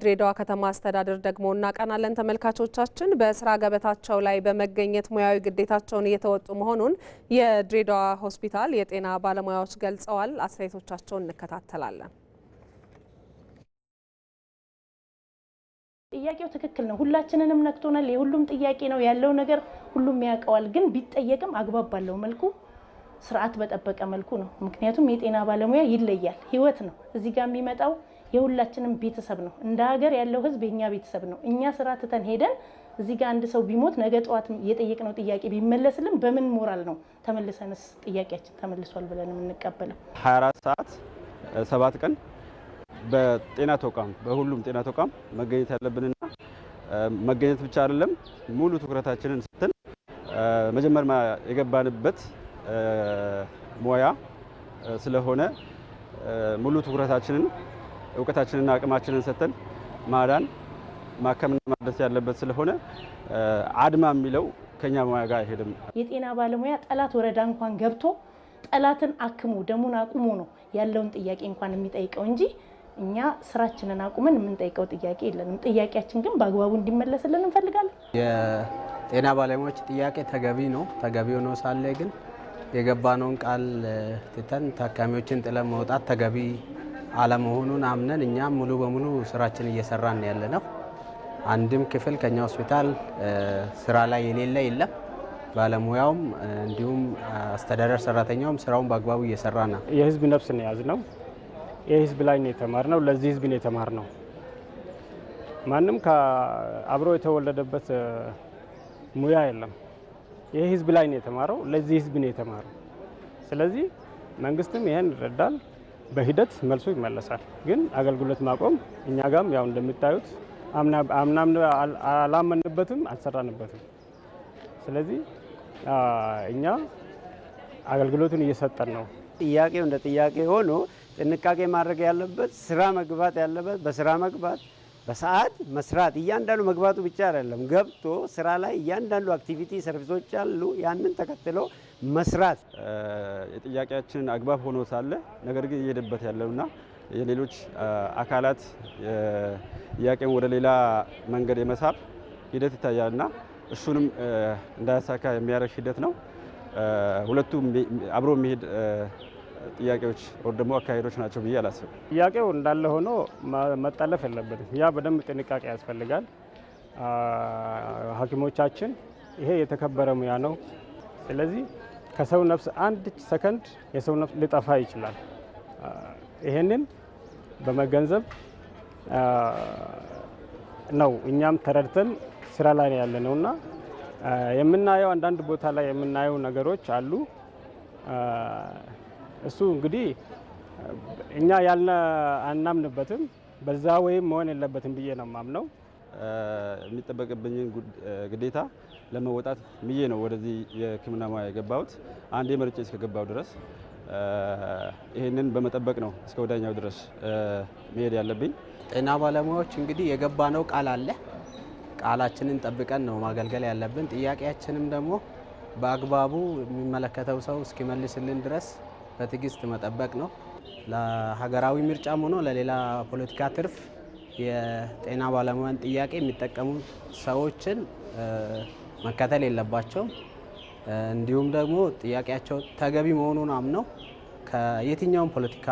ድሬዳዋ ከተማ አስተዳደር ደግሞ እናቀናለን። ተመልካቾቻችን በስራ ገበታቸው ላይ በመገኘት ሙያዊ ግዴታቸውን እየተወጡ መሆኑን የድሬዳዋ ሆስፒታል የጤና ባለሙያዎች ገልጸዋል። አስተያየቶቻቸውን እንከታተላለን። ጥያቄው ትክክል ነው። ሁላችንንም ነክቶናል። የሁሉም ጥያቄ ነው ያለው ነገር ሁሉም ያውቀዋል። ግን ቢጠየቅም አግባብ ባለው መልኩ ስርዓት በጠበቀ መልኩ ነው። ምክንያቱም የጤና ባለሙያ ይለያል፣ ህይወት ነው እዚህ ጋር የሚመጣው የሁላችንም ቤተሰብ ነው። እንደ ሀገር ያለው ህዝብ የኛ ቤተሰብ ነው። እኛ ስራ ትተን ሄደን እዚህ ጋር አንድ ሰው ቢሞት ነገ ጠዋት የጠየቅነው ጥያቄ ቢመለስልን በምን ሞራል ነው ተመልሰንስ ጥያቄያችን ተመልሷል ብለን የምንቀበለው? 24 ሰዓት ሰባት ቀን በጤና ተቋም በሁሉም ጤና ተቋም መገኘት ያለብንና መገኘት ብቻ አይደለም ሙሉ ትኩረታችንን ስትል መጀመሪያ የገባንበት ሙያ ስለሆነ ሙሉ ትኩረታችንን እውቀታችንና አቅማችንን ሰጥተን ማዳን ማከምና ማደስ ያለበት ስለሆነ አድማ የሚለው ከኛ ሙያ ጋር አይሄድም። የጤና ባለሙያ ጠላት ወረዳ እንኳን ገብቶ ጠላትን አክሞ ደሙን አቁሞ ነው ያለውን ጥያቄ እንኳን የሚጠይቀው እንጂ እኛ ስራችንን አቁመን የምንጠይቀው ጥያቄ የለንም። ጥያቄያችን ግን በአግባቡ እንዲመለስልን እንፈልጋለን። የጤና ባለሙያዎች ጥያቄ ተገቢ ነው። ተገቢ ሆኖ ሳለ ግን የገባነውን ቃል ትተን ታካሚዎችን ጥለን መውጣት ተገቢ አለመሆኑን አምነን እኛም ሙሉ በሙሉ ስራችን እየሰራን ያለ ነው። አንድም ክፍል ከኛ ሆስፒታል ስራ ላይ የሌለ የለም። ባለሙያውም እንዲሁም አስተዳደር ሰራተኛውም ስራውን በአግባቡ እየሰራ ነው። የህዝብ ነፍስን የያዝ ነው። የህዝብ ላይ ነው የተማር ነው። ለዚህ ህዝብ ነው የተማር ነው። ማንም አብሮ የተወለደበት ሙያ የለም። ይህ ህዝብ ላይ ነው የተማረው። ለዚህ ህዝብ ነው የተማረው። ስለዚህ መንግስትም ይህን ይረዳል። በሂደት መልሶ ይመለሳል። ግን አገልግሎት ማቆም እኛ ጋም ያው እንደምታዩት አምናም አላመንበትም፣ አልሰራንበትም። ስለዚህ እኛ አገልግሎቱን እየሰጠን ነው። ጥያቄው እንደ ጥያቄ ሆኖ ጥንቃቄ ማድረግ ያለበት ስራ መግባት ያለበት በስራ መግባት በሰዓት መስራት እያንዳንዱ መግባቱ ብቻ አይደለም፣ ገብቶ ስራ ላይ እያንዳንዱ አክቲቪቲ ሰርቪሶች አሉ። ያንን ተከትሎ መስራት የጥያቄያችን አግባብ ሆኖ ሳለ ነገር ግን እየሄደበት ያለውና የሌሎች አካላት ጥያቄን ወደ ሌላ መንገድ የመሳብ ሂደት ይታያልና እሱንም እንዳያሳካ የሚያደርግ ሂደት ነው። ሁለቱም አብሮ የሚሄድ ጥያቄዎች ወይ ደግሞ አካሄዶች ናቸው ብዬ አላስብም። ጥያቄው እንዳለ ሆኖ መጠለፍ የለብንም። ያ በደንብ ጥንቃቄ ያስፈልጋል። ሐኪሞቻችን ይሄ የተከበረ ሙያ ነው። ስለዚህ ከሰው ነፍስ አንድ ሰከንድ የሰው ነፍስ ሊጠፋ ይችላል። ይሄንን በመገንዘብ ነው እኛም ተረድተን ስራ ላይ ያለ ነው እና የምናየው አንዳንድ ቦታ ላይ የምናየው ነገሮች አሉ። እሱ እንግዲህ እኛ ያለ አናምንበትም። በዛ ወይም መሆን የለበትም ብዬ ነው ማምነው። የሚጠበቅብኝን ግዴታ ለመወጣት ብዬ ነው ወደዚህ የሕክምና ሙያ የገባሁት። አንዴ መርጬ እስከገባሁ ድረስ ይህንን በመጠበቅ ነው እስከ ወዳኛው ድረስ መሄድ ያለብኝ። ጤና ባለሙያዎች እንግዲህ የገባ ነው ቃል አለ። ቃላችንን ጠብቀን ነው ማገልገል ያለብን። ጥያቄያችንም ደግሞ በአግባቡ የሚመለከተው ሰው እስኪመልስልን ድረስ በትዕግስት መጠበቅ ነው። ለሀገራዊ ምርጫም ሆኖ ለሌላ ፖለቲካ ትርፍ የጤና ባለሙያን ጥያቄ የሚጠቀሙ ሰዎችን መከተል የለባቸውም። እንዲሁም ደግሞ ጥያቄያቸው ተገቢ መሆኑን አምነው ከየትኛውም ፖለቲካ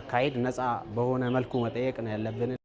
አካሄድ ነፃ በሆነ መልኩ መጠየቅ ነው ያለብን።